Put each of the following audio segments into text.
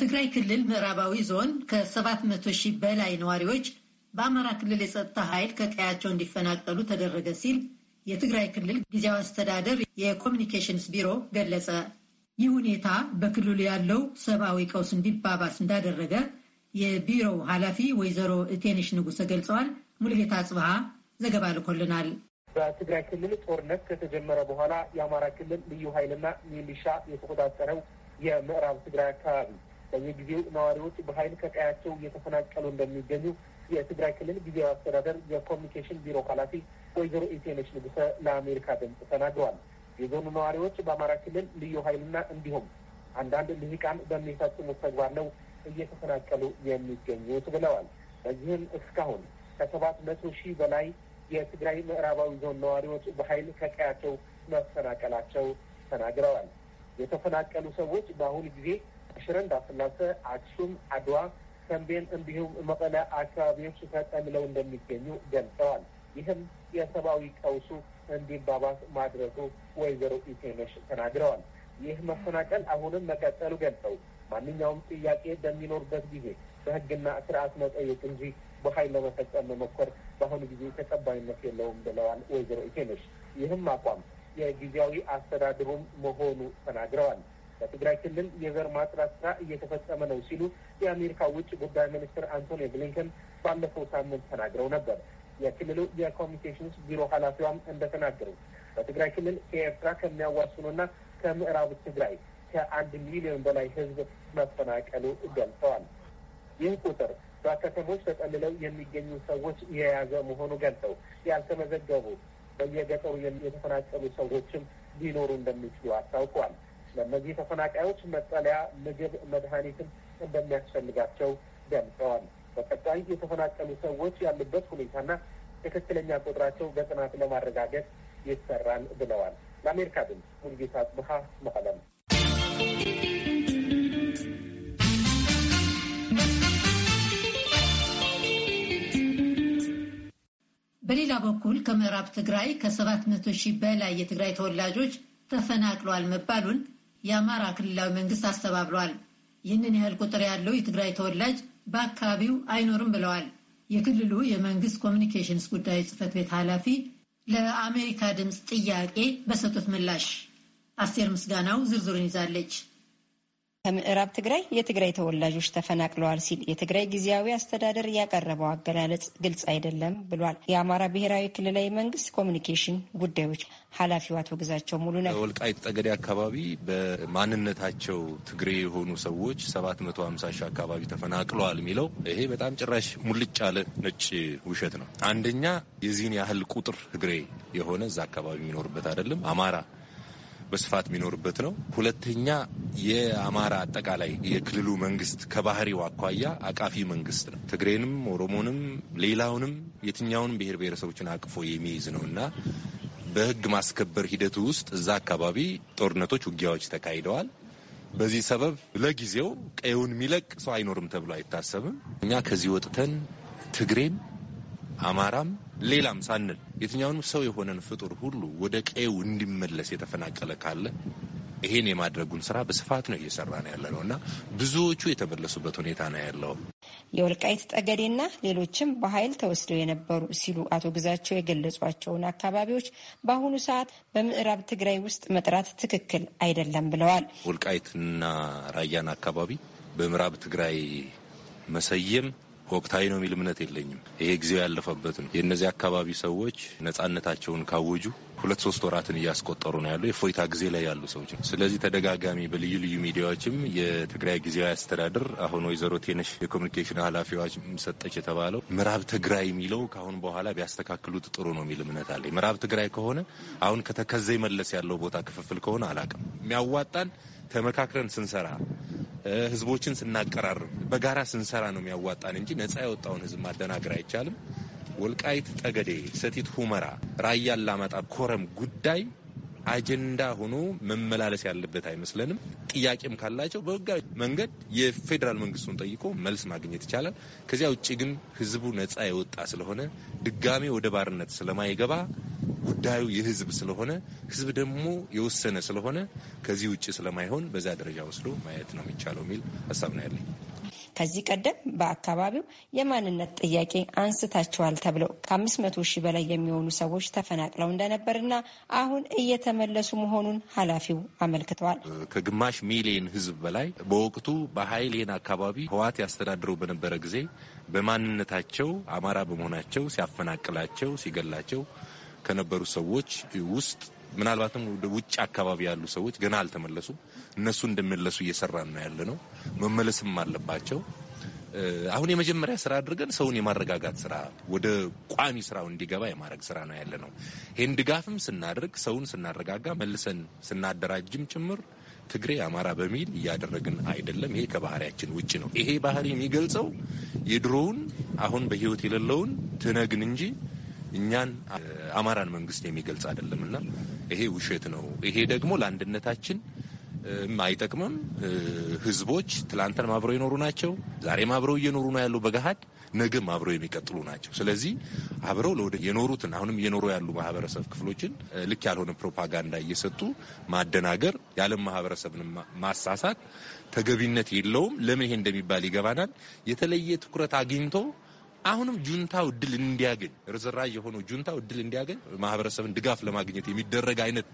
በትግራይ ክልል ምዕራባዊ ዞን ከ700 ሺህ በላይ ነዋሪዎች በአማራ ክልል የጸጥታ ኃይል ከቀያቸው እንዲፈናቀሉ ተደረገ ሲል የትግራይ ክልል ጊዜያዊ አስተዳደር የኮሚኒኬሽንስ ቢሮ ገለጸ። ይህ ሁኔታ በክልሉ ያለው ሰብአዊ ቀውስ እንዲባባስ እንዳደረገ የቢሮው ኃላፊ ወይዘሮ እቴንሽ ንጉሰ ገልጸዋል። ሙልጌታ ጽብሃ ዘገባ ልኮልናል። በትግራይ ክልል ጦርነት ከተጀመረ በኋላ የአማራ ክልል ልዩ ኃይልና ሚሊሻ የተቆጣጠረው የምዕራብ ትግራይ አካባቢ በየጊዜው ነዋሪዎች በኃይል ከቀያቸው እየተፈናቀሉ እንደሚገኙ የትግራይ ክልል ጊዜያዊ አስተዳደር የኮሚኒኬሽን ቢሮ ኃላፊ ወይዘሮ ኢቴነሽ ንጉሰ ለአሜሪካ ድምፅ ተናግረዋል። የዞኑ ነዋሪዎች በአማራ ክልል ልዩ ኃይልና እንዲሁም አንዳንድ ልሂቃን በሚፈጽሙት ተግባር ነው እየተፈናቀሉ የሚገኙት ብለዋል። በዚህም እስካሁን ከሰባት መቶ ሺህ በላይ የትግራይ ምዕራባዊ ዞን ነዋሪዎች በኃይል ከቀያቸው መፈናቀላቸው ተናግረዋል። የተፈናቀሉ ሰዎች በአሁኑ ጊዜ ሽረ እንዳስላሴ፣ አክሱም፣ አድዋ፣ ተንቤን እንዲሁም መቀለ አካባቢዎች ተጠልለው እንደሚገኙ ገልጸዋል። ይህም የሰብአዊ ቀውሱ እንዲባባስ ማድረጉ ወይዘሮ ኢቴነሽ ተናግረዋል። ይህ መፈናቀል አሁንም መቀጠሉ ገልጸው ማንኛውም ጥያቄ በሚኖርበት ጊዜ በሕግና ስርዓት መጠየቅ እንጂ በኃይል ለመፈጸም መሞከር በአሁኑ ጊዜ ተቀባይነት የለውም ብለዋል ወይዘሮ ኢቴነሽ። ይህም አቋም የጊዜያዊ አስተዳድሩም መሆኑ ተናግረዋል። በትግራይ ክልል የዘር ማጥራት ስራ እየተፈጸመ ነው ሲሉ የአሜሪካ ውጭ ጉዳይ ሚኒስትር አንቶኒ ብሊንከን ባለፈው ሳምንት ተናግረው ነበር። የክልሉ የኮሚኒኬሽንስ ቢሮ ኃላፊዋም እንደተናገሩት በትግራይ ክልል ከኤርትራ ከሚያዋስኑና ከምዕራብ ትግራይ ከአንድ ሚሊዮን በላይ ህዝብ መፈናቀሉ ገልጸዋል። ይህ ቁጥር በከተሞች ተጠልለው የሚገኙ ሰዎች የያዘ መሆኑ ገልጸው ያልተመዘገቡ በየገጠሩ የተፈናቀሉ ሰዎችም ሊኖሩ እንደሚችሉ አስታውቀዋል። ለእነዚህ ተፈናቃዮች መጠለያ፣ ምግብ፣ መድኃኒትም እንደሚያስፈልጋቸው ገልጸዋል። በቀጣይ የተፈናቀሉ ሰዎች ያሉበት ሁኔታና ትክክለኛ ቁጥራቸው በጥናት ለማረጋገጥ ይሰራል ብለዋል። ለአሜሪካ ድምፅ ሙልጌታ ጽብሀ መቀለም። በሌላ በኩል ከምዕራብ ትግራይ ከሰባት መቶ ሺህ በላይ የትግራይ ተወላጆች ተፈናቅለዋል መባሉን የአማራ ክልላዊ መንግስት አስተባብሏል። ይህንን ያህል ቁጥር ያለው የትግራይ ተወላጅ በአካባቢው አይኖርም ብለዋል። የክልሉ የመንግስት ኮሚኒኬሽንስ ጉዳይ ጽህፈት ቤት ኃላፊ ለአሜሪካ ድምፅ ጥያቄ በሰጡት ምላሽ አስቴር ምስጋናው ዝርዝሩን ይዛለች። ከምዕራብ ትግራይ የትግራይ ተወላጆች ተፈናቅለዋል ሲል የትግራይ ጊዜያዊ አስተዳደር ያቀረበው አገላለጽ ግልጽ አይደለም ብሏል። የአማራ ብሔራዊ ክልላዊ መንግስት ኮሚኒኬሽን ጉዳዮች ኃላፊው አቶ ግዛቸው ሙሉ ነው። ወልቃይት ጠገዴ አካባቢ በማንነታቸው ትግሬ የሆኑ ሰዎች 750 ሺህ አካባቢ ተፈናቅለዋል የሚለው ይሄ በጣም ጭራሽ ሙልጭ ያለ ነጭ ውሸት ነው። አንደኛ የዚህን ያህል ቁጥር ትግሬ የሆነ እዛ አካባቢ የሚኖርበት አይደለም። አማራ በስፋት የሚኖርበት ነው። ሁለተኛ የአማራ አጠቃላይ የክልሉ መንግስት ከባህሪው አኳያ አቃፊ መንግስት ነው። ትግሬንም፣ ኦሮሞንም፣ ሌላውንም የትኛውንም ብሔር ብሔረሰቦችን አቅፎ የሚይዝ ነው እና በህግ ማስከበር ሂደቱ ውስጥ እዛ አካባቢ ጦርነቶች፣ ውጊያዎች ተካሂደዋል። በዚህ ሰበብ ለጊዜው ቀዩን የሚለቅ ሰው አይኖርም ተብሎ አይታሰብም። እኛ ከዚህ ወጥተን ትግሬም አማራም ሌላም ሳንል የትኛውንም ሰው የሆነን ፍጡር ሁሉ ወደ ቀዬው እንዲመለስ የተፈናቀለ ካለ ይሄን የማድረጉን ስራ በስፋት ነው እየሰራ ነው ያለ ነው እና ብዙዎቹ የተመለሱበት ሁኔታ ነው ያለው። የወልቃይት ጠገዴና ሌሎችም በኃይል ተወስደው የነበሩ ሲሉ አቶ ግዛቸው የገለጿቸውን አካባቢዎች በአሁኑ ሰዓት በምዕራብ ትግራይ ውስጥ መጥራት ትክክል አይደለም ብለዋል። ወልቃይትና ራያን አካባቢ በምዕራብ ትግራይ መሰየም ወቅታዊ ነው የሚል እምነት የለኝም። ይሄ ጊዜው ያለፈበት ነው። የእነዚህ አካባቢ ሰዎች ነጻነታቸውን ካወጁ ሁለት ሶስት ወራትን እያስቆጠሩ ነው ያሉ የፎይታ ጊዜ ላይ ያሉ ሰዎች ነው። ስለዚህ ተደጋጋሚ በልዩ ልዩ ሚዲያዎችም የትግራይ ጊዜያዊ አስተዳደር አሁን ወይዘሮ ቴነሽ የኮሚኒኬሽን ኃላፊዎች ሰጠች የተባለው ምዕራብ ትግራይ የሚለው ከአሁን በኋላ ቢያስተካክሉት ጥሩ ነው የሚል እምነት አለ። ምዕራብ ትግራይ ከሆነ አሁን ከተከዘ መለስ ያለው ቦታ ክፍፍል ከሆነ አላቅም የሚያዋጣን ተመካክረን ስንሰራ ህዝቦችን ስናቀራርብ፣ በጋራ ስንሰራ ነው የሚያዋጣን እንጂ ነጻ የወጣውን ህዝብ ማደናገር አይቻልም። ወልቃይት ጠገዴ፣ ሰቲት ሁመራ፣ ራያ አላማጣ፣ ኮረም ጉዳይ አጀንዳ ሆኖ መመላለስ ያለበት አይመስለንም። ጥያቄም ካላቸው በህጋዊ መንገድ የፌዴራል መንግስቱን ጠይቆ መልስ ማግኘት ይቻላል። ከዚያ ውጭ ግን ህዝቡ ነጻ የወጣ ስለሆነ ድጋሜ ወደ ባርነት ስለማይገባ ጉዳዩ የህዝብ ስለሆነ ህዝብ ደግሞ የወሰነ ስለሆነ ከዚህ ውጭ ስለማይሆን በዛ ደረጃ ወስዶ ማየት ነው የሚቻለው የሚል ሀሳብ ነው ያለኝ። ከዚህ ቀደም በአካባቢው የማንነት ጥያቄ አንስታቸዋል ተብለው ከአምስት መቶ ሺህ በላይ የሚሆኑ ሰዎች ተፈናቅለው እንደነበርና አሁን እየተመለሱ መሆኑን ኃላፊው አመልክተዋል። ከግማሽ ሚሊዮን ህዝብ በላይ በወቅቱ በሀይሌን አካባቢ ህዋት ያስተዳድረው በነበረ ጊዜ በማንነታቸው አማራ በመሆናቸው ሲያፈናቅላቸው፣ ሲገላቸው ከነበሩ ሰዎች ውስጥ ምናልባትም ወደ ውጭ አካባቢ ያሉ ሰዎች ገና አልተመለሱ። እነሱ እንደመለሱ እየሰራ ነው ያለ ነው። መመለስም አለባቸው። አሁን የመጀመሪያ ስራ አድርገን ሰውን የማረጋጋት ስራ ወደ ቋሚ ስራው እንዲገባ የማድረግ ስራ ነው ያለ ነው። ይህን ድጋፍም ስናደርግ ሰውን ስናረጋጋ መልሰን ስናደራጅም ጭምር ትግሬ አማራ በሚል እያደረግን አይደለም። ይሄ ከባህሪያችን ውጭ ነው። ይሄ ባህሪ የሚገልጸው የድሮውን አሁን በህይወት የሌለውን ትነግን እንጂ እኛን አማራን መንግስት የሚገልጽ አይደለም እና ይሄ ውሸት ነው። ይሄ ደግሞ ለአንድነታችን አይጠቅምም። ህዝቦች ትላንትም አብረው የኖሩ ናቸው፣ ዛሬም አብረው እየኖሩ ነው ያሉ በገሀድ ነገም አብረው የሚቀጥሉ ናቸው። ስለዚህ አብረው ለወደ የኖሩትን አሁንም እየኖሩ ያሉ ማህበረሰብ ክፍሎችን ልክ ያልሆነ ፕሮፓጋንዳ እየሰጡ ማደናገር፣ የዓለም ማህበረሰብን ማሳሳት ተገቢነት የለውም። ለምን ይሄ እንደሚባል ይገባናል። የተለየ ትኩረት አግኝቶ አሁንም ጁንታው እድል እንዲያገኝ ርዝራዥ የሆነው ጁንታው እድል እንዲያገኝ ማህበረሰብን ድጋፍ ለማግኘት የሚደረግ አይነት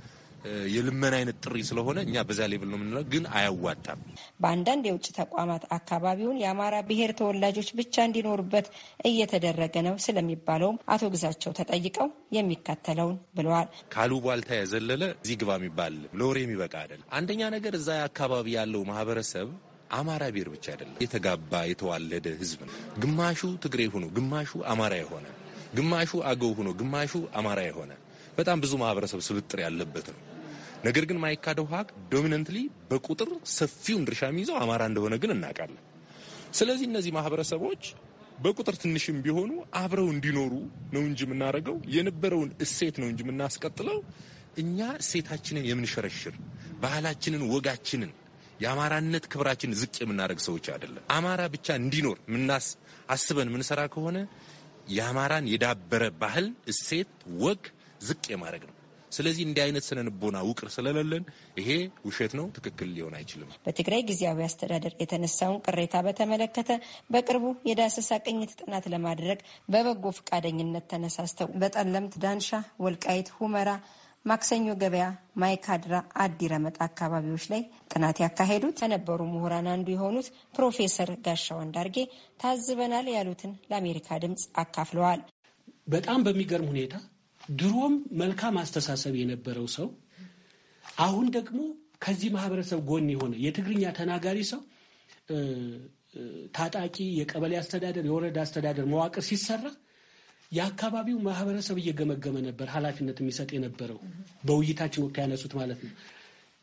የልመና አይነት ጥሪ ስለሆነ እኛ በዛ ሌብል ነው የምንለው፣ ግን አያዋጣም። በአንዳንድ የውጭ ተቋማት አካባቢውን የአማራ ብሔር ተወላጆች ብቻ እንዲኖሩበት እየተደረገ ነው ስለሚባለውም አቶ ግዛቸው ተጠይቀው የሚከተለውን ብለዋል። ቧልታ የዘለለ እዚህ ግባ የሚባል ሎሬ የሚበቃ አይደለም። አንደኛ ነገር እዛ አካባቢ ያለው ማህበረሰብ አማራ ብሔር ብቻ አይደለም። የተጋባ የተዋለደ ህዝብ ነው። ግማሹ ትግሬ ሆኖ ግማሹ አማራ የሆነ ግማሹ አገው ሆኖ ግማሹ አማራ የሆነ በጣም ብዙ ማህበረሰብ ስብጥር ያለበት ነው። ነገር ግን ማይካደው ሀቅ ዶሚነንትሊ በቁጥር ሰፊውን ድርሻ የሚይዘው አማራ እንደሆነ ግን እናውቃለን። ስለዚህ እነዚህ ማህበረሰቦች በቁጥር ትንሽም ቢሆኑ አብረው እንዲኖሩ ነው እንጂ የምናደርገው የነበረውን እሴት ነው እንጂ የምናስቀጥለው እኛ እሴታችንን የምንሸረሽር ባህላችንን፣ ወጋችንን የአማራነት ክብራችን ዝቅ የምናደርግ ሰዎች አይደለም። አማራ ብቻ እንዲኖር ምናስ አስበን ምንሰራ ከሆነ የአማራን የዳበረ ባህል፣ እሴት፣ ወግ ዝቅ የማድረግ ነው። ስለዚህ እንዲህ አይነት ስነ ልቦና ውቅር ስለሌለን ይሄ ውሸት ነው፣ ትክክል ሊሆን አይችልም። በትግራይ ጊዜያዊ አስተዳደር የተነሳውን ቅሬታ በተመለከተ በቅርቡ የዳሰሳ ቅኝት ጥናት ለማድረግ በበጎ ፈቃደኝነት ተነሳስተው በጠለምት፣ ዳንሻ፣ ወልቃይት፣ ሁመራ ማክሰኞ ገበያ፣ ማይካድራ፣ አዲረመጥ አካባቢዎች ላይ ጥናት ያካሄዱት ከነበሩ ምሁራን አንዱ የሆኑት ፕሮፌሰር ጋሻው አንዳርጌ ታዝበናል ያሉትን ለአሜሪካ ድምፅ አካፍለዋል። በጣም በሚገርም ሁኔታ ድሮም መልካም አስተሳሰብ የነበረው ሰው አሁን ደግሞ ከዚህ ማህበረሰብ ጎን የሆነ የትግርኛ ተናጋሪ ሰው ታጣቂ የቀበሌ አስተዳደር፣ የወረዳ አስተዳደር መዋቅር ሲሰራ የአካባቢው ማህበረሰብ እየገመገመ ነበር ኃላፊነት የሚሰጥ የነበረው በውይይታችን ወቅት ያነሱት ማለት ነው።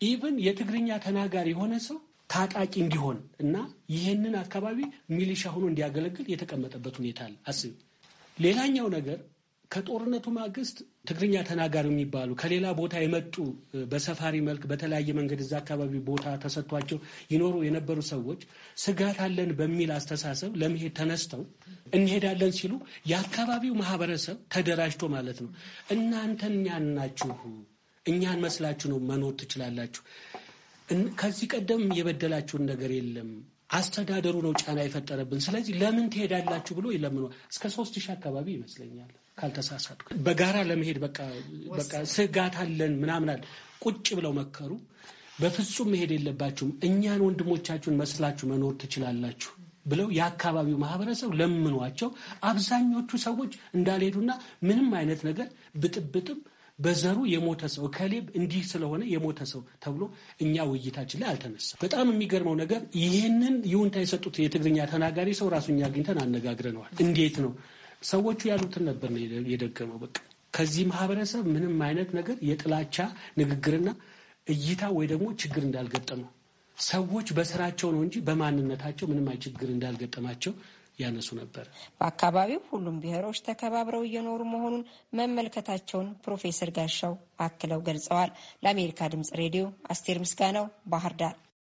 ኢቨን የትግርኛ ተናጋሪ የሆነ ሰው ታጣቂ እንዲሆን እና ይህንን አካባቢ ሚሊሻ ሆኖ እንዲያገለግል የተቀመጠበት ሁኔታ አለ። አስብ ሌላኛው ነገር ከጦርነቱ ማግስት ትግርኛ ተናጋሪ የሚባሉ ከሌላ ቦታ የመጡ በሰፋሪ መልክ በተለያየ መንገድ እዛ አካባቢ ቦታ ተሰጥቷቸው ይኖሩ የነበሩ ሰዎች ስጋት አለን በሚል አስተሳሰብ ለመሄድ ተነስተው እንሄዳለን ሲሉ የአካባቢው ማህበረሰብ ተደራጅቶ ማለት ነው እናንተ እኛን ናችሁ፣ እኛን መስላችሁ ነው መኖር ትችላላችሁ፣ ከዚህ ቀደም የበደላችሁን ነገር የለም አስተዳደሩ ነው ጫና የፈጠረብን። ስለዚህ ለምን ትሄዳላችሁ ብሎ ይለምኗል። እስከ ሶስት ሺህ አካባቢ ይመስለኛል ካልተሳሳትኩ። በጋራ ለመሄድ በቃ ስጋት አለን አለ ቁጭ ብለው መከሩ። በፍጹም መሄድ የለባችሁም እኛን ወንድሞቻችሁን መስላችሁ መኖር ትችላላችሁ ብለው የአካባቢው ማህበረሰብ ለምኗቸው አብዛኞቹ ሰዎች እንዳልሄዱና ምንም አይነት ነገር ብጥብጥም በዘሩ የሞተ ሰው ከሌብ እንዲህ ስለሆነ የሞተ ሰው ተብሎ እኛ ውይይታችን ላይ አልተነሳ በጣም የሚገርመው ነገር ይህንን ይሁንታ የሰጡት የትግርኛ ተናጋሪ ሰው ራሱ እኛ አግኝተን አነጋግረነዋል። እንዴት ነው ሰዎቹ ያሉትን ነበር የደገመው። በቃ ከዚህ ማህበረሰብ ምንም አይነት ነገር የጥላቻ ንግግርና እይታ ወይ ደግሞ ችግር እንዳልገጠመው ሰዎች በስራቸው ነው እንጂ በማንነታቸው ምንም አይ ችግር እንዳልገጠማቸው ያነሱ ነበር። በአካባቢው ሁሉም ብሔሮች ተከባብረው እየኖሩ መሆኑን መመልከታቸውን ፕሮፌሰር ጋሻው አክለው ገልጸዋል። ለአሜሪካ ድምጽ ሬዲዮ አስቴር ምስጋናው ባህር ዳር